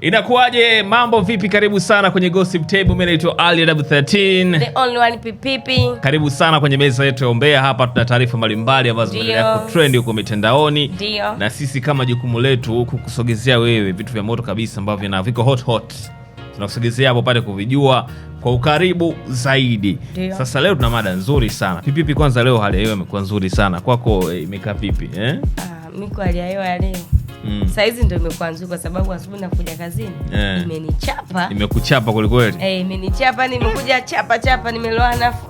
Inakuwaje? Mambo vipi? Karibu sana kwenye Gossip Table. Mimi naitwa w 13 The only one pipipi. Karibu sana kwenye meza yetu ya Ombea. Hapa tuna taarifa mbalimbali ambazo zinaendelea kutrend huko mitandaoni, na sisi kama jukumu letu kukusogezea wewe vitu vya moto kabisa ambavyo na viko hot hot, tunakusogezea hapo pale kuvijua kwa ukaribu zaidi. Dio. Sasa leo tuna mada nzuri sana pipipi. Kwanza leo hali ya hewa imekuwa nzuri sana kwako, eh, imeka vipi eh? Ah, mimi kwa hali ya hewa leo mm. Saizi ndo imekuwa nzuri kwa sababu asubuhi nakuja kazini yeah. Imenichapa, imekuchapa kwelikweli eh, imenichapa, nimekuja chapa chapa, nimeloa nafu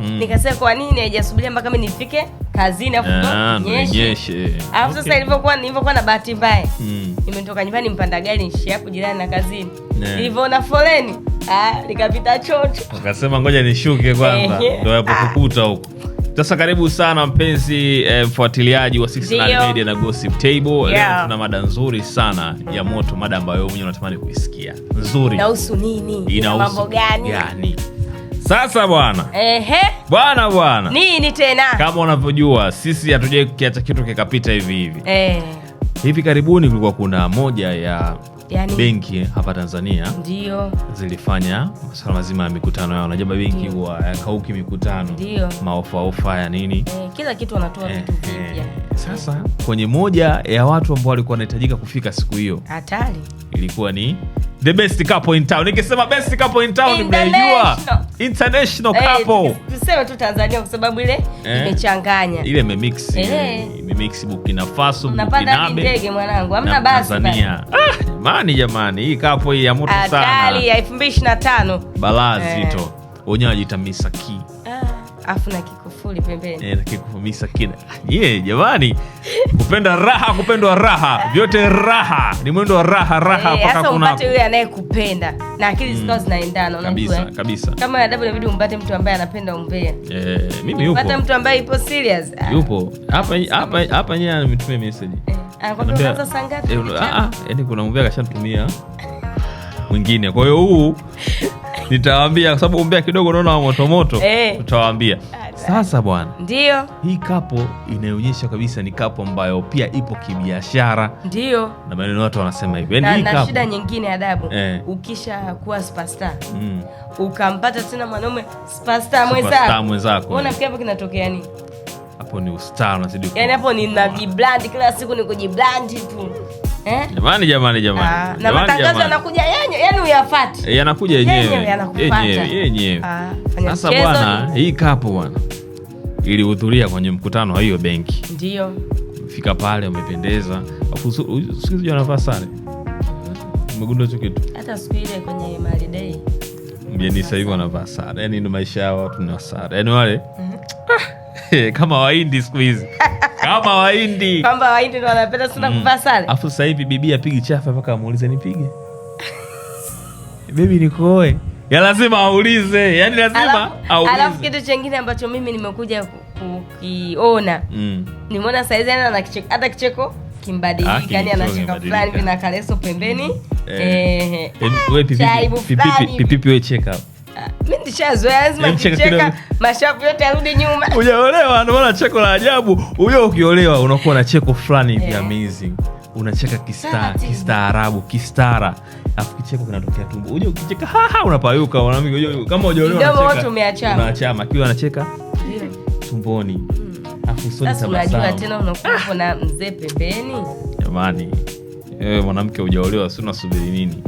Mm. Nikasema kwa nini haijasubiria mpaka mi nifike kazini afunyeshe Alafu sasa ilivyokuwa nilivyokuwa na bahati mbaya. Mm. Nimetoka nyumbani mpanda gari nshia hapo jirani na kazini. Nilivyoona yeah. foleni, ah nikapita chocho. Ukasema ngoja nishuke kwanza eh, eh. ndo yapokukuta ah. huko. Sasa karibu sana mpenzi eh, mfuatiliaji wa 69 Media na Gossip Table yeah. Leo tuna mada nzuri sana ya moto, mada ambayo wewe mwenyewe unatamani kuisikia nzuri. Inahusu nini? Inahusu mambo gani? Yani sasa bwana bwana bwana, nini tena? Kama unavyojua sisi hatujai kiacha kitu kikapita hivi hivi eh. Hivi karibuni kulikuwa kuna moja ya yani, benki hapa Tanzania ndio zilifanya masuala mazima ya mikutano yao. Najua benki huwa yakauki mikutano, ndio maofaofa ya nini, e, kila kitu wanatoa eh, vitu e, vipya. e. Sasa kwenye moja ya watu ambao walikuwa wanahitajika kufika siku hiyo hatari ilikuwa ni the best couple in town. Nikisema best couple in town nimejua international couple. Tuseme tu Tanzania kwa sababu ile imechanganya. Ile imemix. Imemix Burkina Faso, Burkina Faso, ndege mwanangu. Hamna basi. Tanzania. ah! amani jamani, hii kapo hii ya moto sana. Hatari ya 2025. Balaa zito. Eh. Wenyewe anajiita misaki Ah, afu na kikufuli pembeni. Eh, kikufuli misaki kina. Ye, jamani. Kupenda raha, kupendwa raha. Vyote raha. Ni mwendo wa raha, raha eh, paka kuna. Sasa yule anayekupenda na akili mm, zikao zinaendana unajua. Kabisa, kabisa. Kama adabu inabidi umpate mtu ambaye anapenda umbea. Eh, mimi yupo. Pata mtu ambaye ipo serious. Yupo. Hapa hapa hapa yeye ametumia message. Eh. Ah, eh, ah, ah, yani kuna umbea kashatumia mwingine, kwa hiyo huu nitawaambia kwa sababu umbea kidogo unaona wa motomoto hey. Eh. Utawaambia sasa bwana, ndio hii kapo inaonyesha kabisa ni kapo ambayo pia ipo kibiashara, ndio na maneno watu wanasema hivyo yaani na, na shida nyingine adabu eh. Ukisha kuwa superstar mm. Ukampata tena mwanaume superstar mwenzako, unafikia hapo kinatokea nini? hapo ni ustar unazidi yani, hapo nina jibrand kila siku ni kujibrand tu eh? Jamani, jamani, jamani. Aa, ah, na matangazo yanakuja yaani eh, yenyewe, yani uyafuate. uyafate yanakuja yenyewe. Ah, sasa bwana, hii kapu bwana ilihudhuria kwenye mkutano wa hiyo benki, ndio fika pale, umependeza afu sikizija navaa sare, umegundua hicho kitu hata siku ile kwenye mali day. mjeni, sasa hivi anavaa sare, Yaani ndio maisha yao, watu ni wasare yani wale mm -hmm. kama waindi siku hizi kama waindi kwamba waindi ndo wanapenda sana mm. kuvaa sare. Afu sasa hivi bibi apigi chafa mpaka amuulize nipige bibi nikoe ya lazima aulize, yani lazima aulize. Alafu kitu chengine ambacho mimi nimekuja kukiona mm. nimeona saizi ana hata kicheko kimbadilika, ah, yani anashika fulani vina kaleso pembeni, eh, wewe pipipi, pipipi wewe up mimi lazima kicheka, yaani yote nyuma. maana cheko la ajabu. Huyo ukiolewa unakuwa na cheko fulani hivi yeah. Amazing. Unacheka kistaarabu, kistara. afu kicheko kinatokea tumbo. Huyo ukicheka haha unapayuka, unaamini huyo kama hujaolewa unacheka. Unaachama, anacheka tumboni. Mm. Alafu tabasamu. Unajua tena unakuwa ah! na mzee pembeni. Jamani. Wewe mwanamke hujaolewa, si unasubiri nini?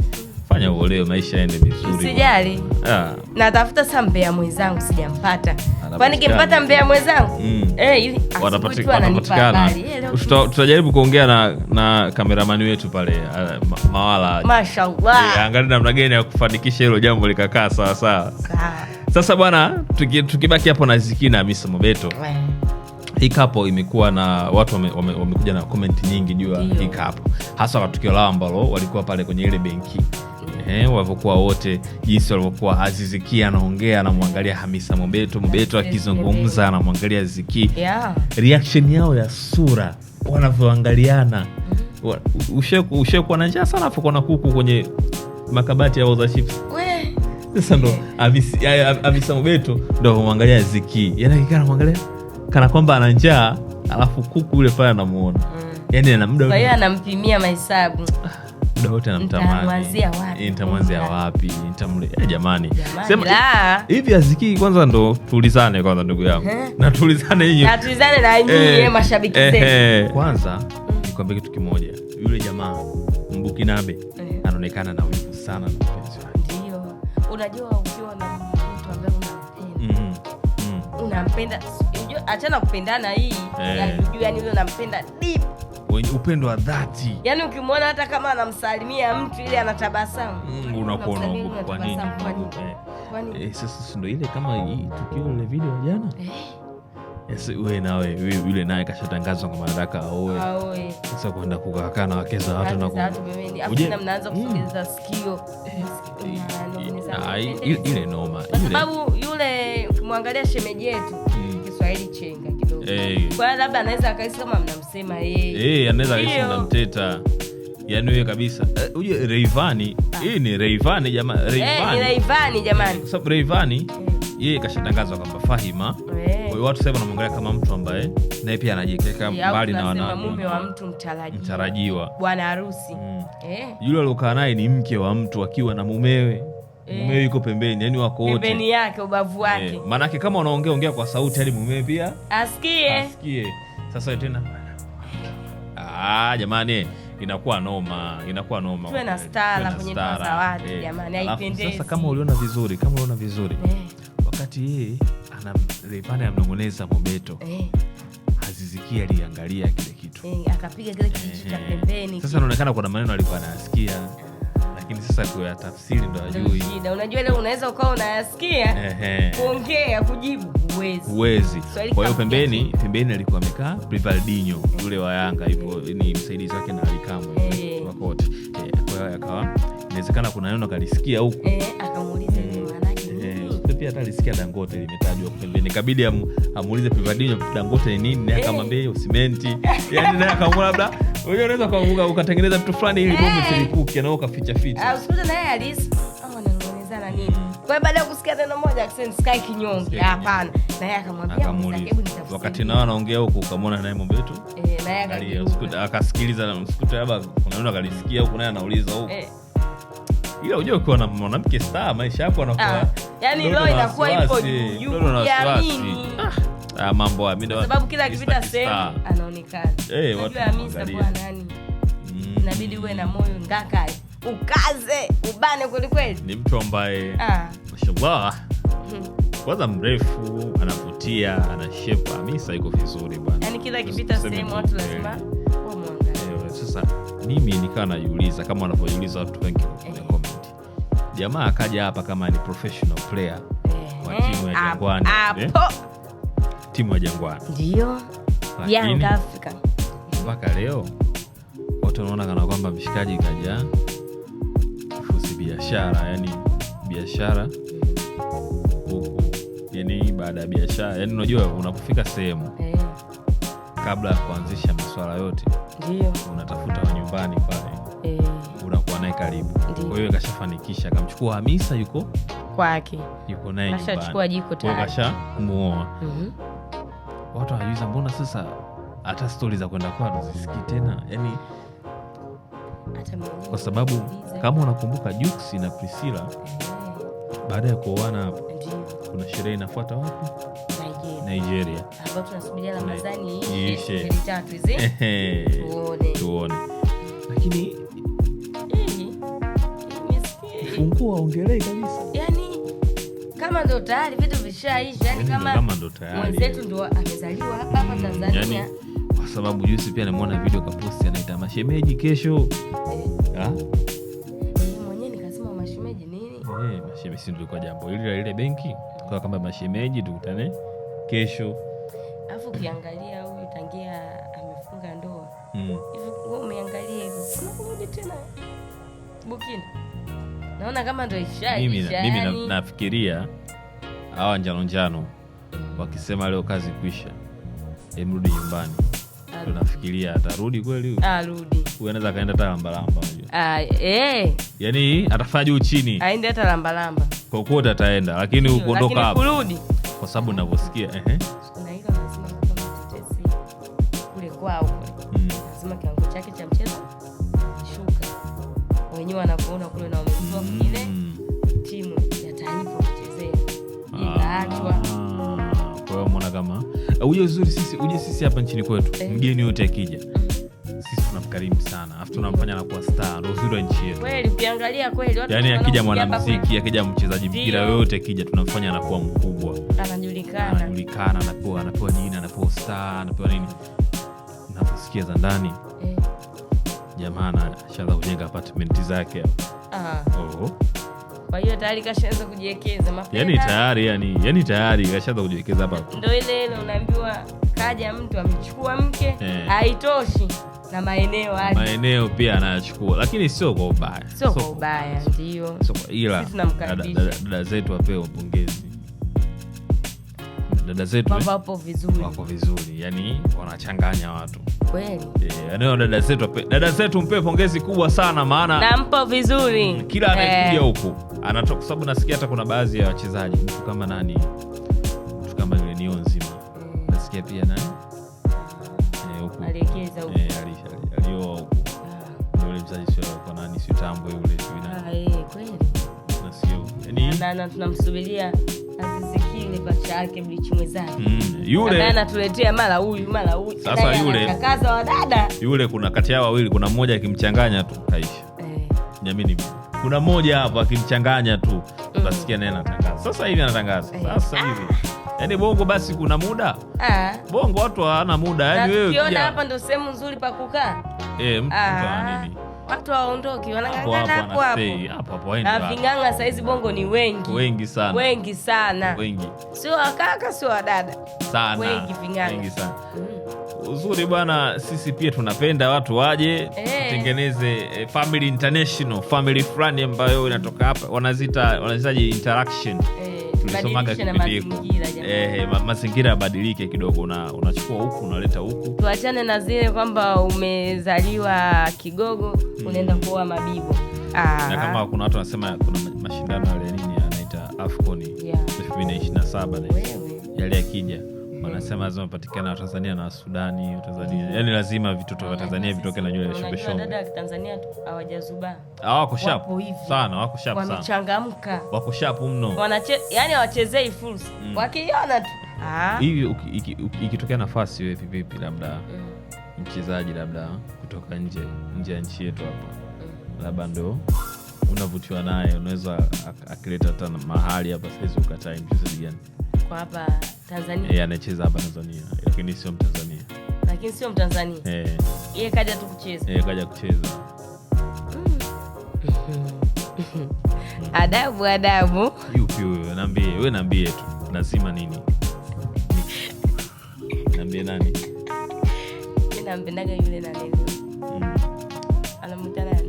fanya uolewe, maisha yaende vizuri. Sijali, ah. natafuta saa mbea mwenzangu, sijampata. Kwa nikimpata mbea mwenzangu mm. Eh, watapatikana. Eh, tutajaribu kuongea na na kameramani wetu pale uh, Mawala. Mashallah, eh, angalia namna gani ya kufanikisha hilo jambo likakaa sawa sawa. Sasa bwana, tukibaki hapo na Ziki na Hamisa Mobeto we. Hii kapo imekuwa na watu wamekuja wame, wame na komenti nyingi juu ya hii kapo, hasa kwa tukio lao ambalo walikuwa pale kwenye ile benki eh, walivyokuwa wote, jinsi walivyokuwa Aziziki anaongea anamwangalia Hamisa Mobeto, Mobeto akizungumza anamwangalia Ziki, yeah. reaction yao ya sura wanavyoangaliana mm-hmm. ushekuwa na njaa sana afu kuna kuku kwenye makabati ya wauza chips. Sasa ndo Hamisa Mobeto ndo mwangalia Ziki, yani kana mwangalia kana kwamba ana njaa, alafu kuku yule pale anamuona, mm. yani ana muda, kwa hiyo anampimia mahesabu muda namtamani, wapi? Eh, eh, jamani, sema eh, hivi aziki kwanza, ndo tulizane kwanza, ndugu yangu, na na nyinyi mashabiki zetu kwanza. Mm. Nikwambia kitu kimoja, yule jamaa Mbukinabe anaonekana na wivu sana na mpenzi wake. Ndio unajua, ukiwa na mtu ambaye unampenda, mm-hmm. Mm-hmm. unampenda, achana kupendana hii, unajua, yani unampenda deep wenye upendo wa dhati, yani ukimwona hata kama anamsalimia mtu ile anatabasamu mm, unakuwa Kwa nini? Eh. Eh, sasa ile kama tukio lile video jana eh. we nawe yule naye kashatangazwa kwa nataka aoe. Sasa kwenda na wake za watu ile noma, sababu yule ukimwangalia shemeji yetu Kiswahili chenga kidogo. Hey. Eh. Kwa hiyo labda anaweza kama mnamsema yeye. Hey, eh, anaweza mnamteta. Yaani kabisa. uh, hii ni Rayvanny jamani, Rayvanny. jamani. Kwa sababu yeye kashatangazwa kwamba Fahima. Kwa watu sasa wanamwangalia kama mtu ambaye naye pia anajikeka mbali na wanawake. Mume wa mtu mtarajiwa. Mtarajiwa. Bwana harusi. Mm. Yule aliokaa naye ni mke wa mtu akiwa na mumewe. Eh. mumewe yuko pembeni, yani wako wote pembeni yake, ubavu eh, wake. yeah. Maanake kama unaongea ongea kwa sauti, hadi mumewe pia asikie, asikie. Sasa tena ah, jamani inakuwa noma, inakuwa noma. Tuwe na stara kwenye zawadi eh, jamani, haipendezi. Sasa kama uliona vizuri, kama uliona vizuri eh, wakati yeye ana Rayvanny anamnong'oneza Mobeto eh, Aziz Ki aliangalia kile kitu eh, akapiga kile kitu cha pembeni. Sasa inaonekana kuna maneno alikuwa anasikia lakini sasa tafsiri ndo ajui shida. Unajua leo unaweza ukawa unayasikia kuongea kujibu huwezi. Kwa hiyo pembeni pembeni alikuwa amekaa Rivaldinho yule wa Yanga, hivyo eh. ni msaidizi wake na Alikamwe eh. wako wote. Eh, kwa hiyo akawa inawezekana kuna neno kalisikia huku hata alisikia Dangote limetajwa pembeni, kabidi amuulize Rivaldinho Dangote ni nini, akamwambia hiyo simenti, yani naye akaona labda wewe unaweza kuanguka ukatengeneza mtu fulani ili bomu silipuke na ukaficha ficha. Ah, usikute naye alisi. Au ananongeza na nini? Kwa hiyo baada ya kusikia tena moja akisema sky kinyonge. Hapana. Na yeye akamwambia mtakatifu nitafuta. Wakati nao anaongea huko ukamwona naye mambo yetu. Eh, naye akalia usikute akasikiliza na msikute hapa kuna neno akalisikia huko naye anauliza huko. Eh. Ila unajua ukiwa na mwanamke star maisha yako anakuwa. Ah, yaani leo inakuwa ipo juu. Yaani Ah, mambo ya mimi, sababu kila akipita sehemu anaonekana eh, watu mm. inabidi uwe na moyo ngaka ukaze ubane kwelikweli. Ni mtu ambaye ah. mashallah, hmm. kwanza mrefu, anavutia, anashepa, ah, misa iko vizuri bwana, yani kila akipita sehemu watu eh. lazima eh, sasa mimi nikawa najiuliza kama wanavyojiuliza watu wengi kwenye comment, jamaa akaja hapa kama ni professional player kwa timu ya Jangwani timu ya Jangwani ndio Young Mpaka leo watu wanaona kana kwamba mshikaji kaja kifusi biashara, yani biashara huku, yani baada ya biashara, yani unajua unapofika sehemu eh. kabla ya kuanzisha masuala yote ndio unatafuta wa nyumbani pale eh. unakuwa naye karibu. Kwa hiyo kashafanikisha, kamchukua Hamisa, yuko kwake, yuko naye nyumbani, kashachukua jiko tayari, kashamuoa. Mhm watu wanajuiza mbona sasa hata stori za kwenda kwa zisikii tena yani kwa sababu kama unakumbuka Jux na Priscilla eh. baada ya kuoana hapo kuna sherehe inafuata wapi? Nigeria, tuone. Lakini funguo aongelei kabisa, yani kama ndo tayari vitu zishaisha, yani yaani kama mwenzetu ndo amezaliwa hapa hapa Tanzania, yaani, kwa sababu juzi pia nimeona video kaposti anaita mashemeji kesho eh. ah? mwenyewe, nikasema mashemeji nini? Eh, mashemeji ndio jambo hili la ile benki kwa kama mashemeji tukutane kesho, alafu ukiangalia huyu tangia amefunga ndoa mm. hivi mm. umeangalia hivyo unakurudi tena Bukini, naona kama ndo ishaisha mimi, yani. Mimi nafikiria na hawa njano njano wakisema leo kazi kwisha, emrudi nyumbani, tunafikiria atarudi kweli? Arudi huyu, anaweza akaenda hata lambalamba, ah, eh. Yani atafanya juu chini, aende hata lambalamba, kokote ataenda, lakini ukuondoka hapo, kurudi kwa sababu navyosikia hmm. wenyewe wanavyoona kule na wametoa kile hmm. unaachwa ah, kama eh, uje sisi uje sisi hapa nchini kwetu eh. mgeni yote akija sisi tunamkarimu sana afu tunamfanya nakuwa star ndo uzuri wa nchi yetu yani akija mwanamziki akija mchezaji mpira yoyote akija tunamfanya anakuwa mkubwa anajulikana anajulikana anapewa anapewa jina anapewa star anapewa nini naposikia za ndani eh. jamaa anashaanza kujenga apartment zake ah. oh kwa hiyo tayari kashaanza kujiwekeza yani tayari yani, yani tayari kashaanza kujiwekeza hapa. ndo ile ile unaambiwa kaja mtu amechukua mke eh, na maeneo aje, maeneo pia anayachukua, lakini sio kwa ubaya, sio kwa ubaya, ndio ila dada zetu wapewe pongezi dada zetu wapo vizuri, wako vizuri, yani wanachanganya watu kweli. Yeah, dada zetu, dada zetu mpe pongezi kubwa sana, maana nampo vizuri mm, kila anayekuja eh. huku eh. anato kwa sababu nasikia hata kuna baadhi ya wachezaji mtu kama nani, mtu kama yule nio nzima mm. nasikia pia nani eh, eh, alioa huku ah. yule mchezaji kwa nani, sitambwe yule ah, tunamsubiria bacha yake mm, yule anatuletea mara huyu mara huyu. Sasa yule wa dada yule, kuna kati yao wawili, kuna mmoja akimchanganya tu kaisha eh. Jamini, kuna mmoja hapo akimchanganya tu mm. nnatangaza naye anatangaza sasa hivi anatangaza eh. Sasa ah. hivi yaani bongo basi, kuna muda ah. Bongo watu hawana muda, yaani wewe ukiona hapa sehemu nzuri pa kukaa eh, mtu ah watu waondoki, wanang'ang'ana hapo hapo na ving'ang'a. Saizi bongo ni wengi wengi sana, wengi sana, wengi sio wakaka, sio wadada sana, wengi ving'ang'a, wengi sana. Mm. Uzuri bwana, sisi pia tunapenda watu waje eh. tutengeneze hey. Eh, family international, family fulani ambayo inatoka hapa, wanazita wanazitaji interaction hey. Eh mazingira eh, mazingira yabadilike kidogo, unachukua una huku unaleta huku, tuachane na zile kwamba umezaliwa kigogo hmm. unaenda kuoa mabibo. Ah. Na kama kuna watu wanasema kuna mashindano yale nini anaita Afcon yeah. 2027 yale yakija wanasema lazima patikana watanzania na wasudani watanzania mm. yaani lazima vitoto vya tanzania vitoke na nywele shombeshombetanzania hawajazubaa wako shap sana wako shap wamechangamka wako shap mno Wanache, yani hawachezei fursa mm. wakiona tu ah. hivi ikitokea nafasi wewe vipi labda mm. mchezaji labda kutoka nje nje ya nchi yetu hapa mm. labda ndo unavutiwa naye unaweza akileta hata mahali hapa saizi ukatai mchezaji gani kwa hapa Tanzania. anacheza hapa Tanzania lakini sio Mtanzania. Lakini sio Mtanzania. Eh. Yeye kaja tu kucheza. Eh, kaja kucheza. Mm. Adabu, adabu. Yupi huyo? Niambie, wewe niambie tu. Lazima nini? Niambie nani? nampendaga yule nani? Mm. Anamwita nani?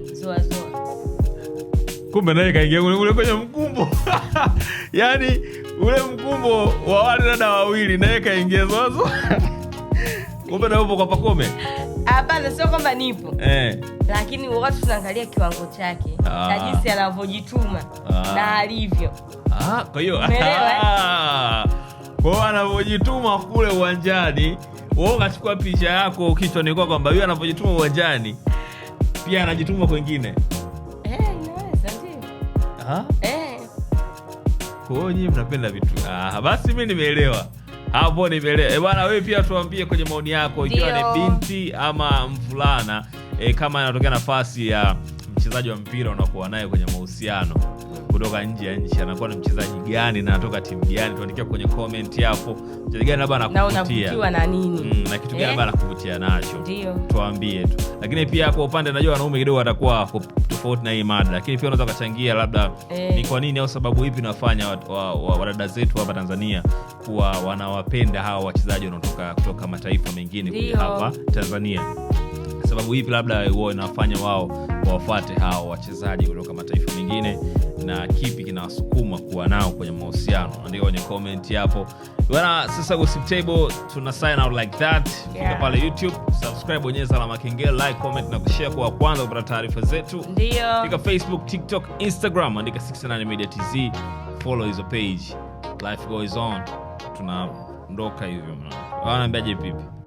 Kumbe naye kaingia kule kwenye mkumbo. Yaani ule mkumbo wa wale dada wawili naye kaingia Zozo. Kumbe na upo kwa Pakome? Hapana, sio kwamba nipo eh, lakini watu tunaangalia kiwango chake ah. na jinsi anavyojituma ah. na alivyo. Ah, kwa hiyo eh? kwao anavyojituma kule uwanjani, wewe ukachukua picha yako kichwani kwako kwamba huyo anavyojituma uwanjani pia anajituma kwengine. Eh, wako mnapenda vitu ah, basi mi nimeelewa hapo, nimeelewa. E eh, bwana, wewe pia tuambie kwenye maoni yako, ikiwa ni binti ama mvulana e, kama anatokea nafasi ya mchezaji wa mpira unakuwa naye kwenye mahusiano kutoka nje ya nchi, anakuwa na mchezaji gani na anatoka timu gani? Tuandikia kwenye comment hapo, mchezaji gani labda anakuvutia na nini mm, na kitu gani eh? labda anakuvutia nacho, tuambie tu. Lakini pia kwa upande, najua wanaume kidogo watakuwa tofauti na hii mada, lakini pia unaweza kuchangia labda eh, ni kwa nini au sababu ipi inafanya wadada wa, wa, wa zetu hapa Tanzania kuwa wanawapenda hawa wachezaji wanaotoka kutoka mataifa mengine kuja hapa Tanzania sababu hipi labda huwa inafanya wao wafuate hao wachezaji kutoka mataifa mengine na kipi kinawasukuma kuwa nao kwenye mahusiano andika kwenye comment hapo bana sasa gossip table tuna sign out like that yeah. pale youtube subscribe bonyeza la makengele like comment na kushare kwa kwanza kupata taarifa zetu ndio fika facebook tiktok instagram andika 69 media tz follow hizo page life goes on tunaondoka hivyo mnaambiaje pipi